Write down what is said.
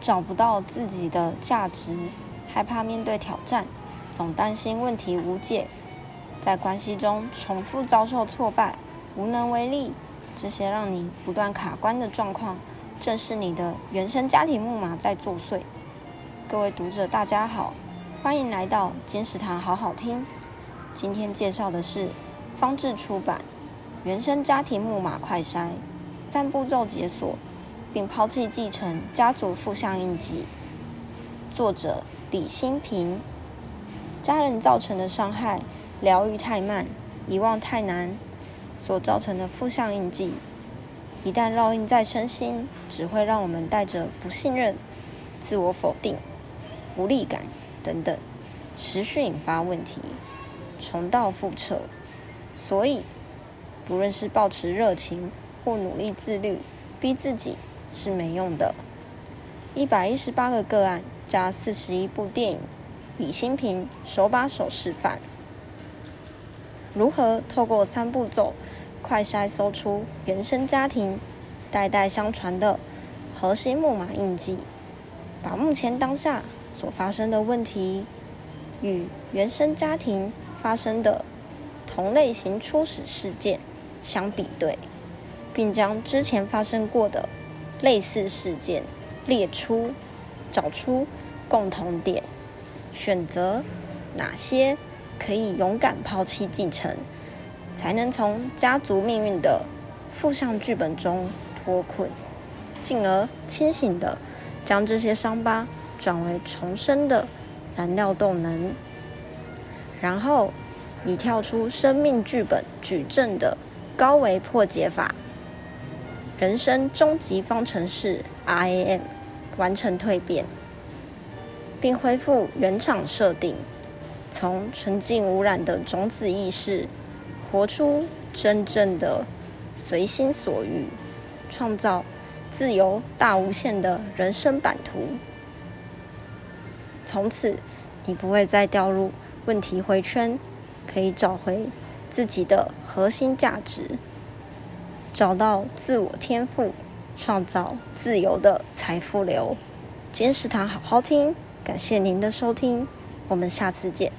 找不到自己的價值，害怕面對挑戰，總擔心問題無解，在關係中重複遭受挫敗，無能為力，這些讓你不斷卡關的狀況，正是你的原生家庭木馬在作祟。各位讀者，大家好，歡迎來到金石堂好好聽。今天介紹的是方智出版《原生家庭木馬快篩》，三步驟解鎖。並拋棄繼承家族負向印記。作者李欣頻，家人造成的傷害，療癒太慢，遺忘太難，所造成的負向印記，一旦烙印在身心，只會讓我們帶着不信任、自我否定、無力感等等，持續引發問題，重蹈覆轍。所以，不論是保持熱情或努力自律，逼自己。是沒用的。一百一十八個個案加四十一部電影，李欣頻手把手示範，如何透過三步驟，快篩搜出原生家庭代代相傳的核心木馬印記，把目前當下所發生的問題與原生家庭發生的同類型初始事件相比對，並將之前發生過的，類似事件列出，找出共同點，選擇哪些可以勇敢拋棄繼承，才能從家族命運的負向劇本中脫困，進而清醒的將這些傷疤轉為重生的燃料動能，然後以跳出生命劇本矩陣的高維破解法。人生終極方程式 RAM，完成蛻變，並恢復原廠設定，從純淨無染的種子意識，活出真正的隨心所欲，創造自由大無限的人生版圖。從此，你不會再掉入問題迴圈，可以找回自己的核心價值。找到自我天賦，創造自由的財富流。金石堂好好聽，感謝您的收聽，我們下次見。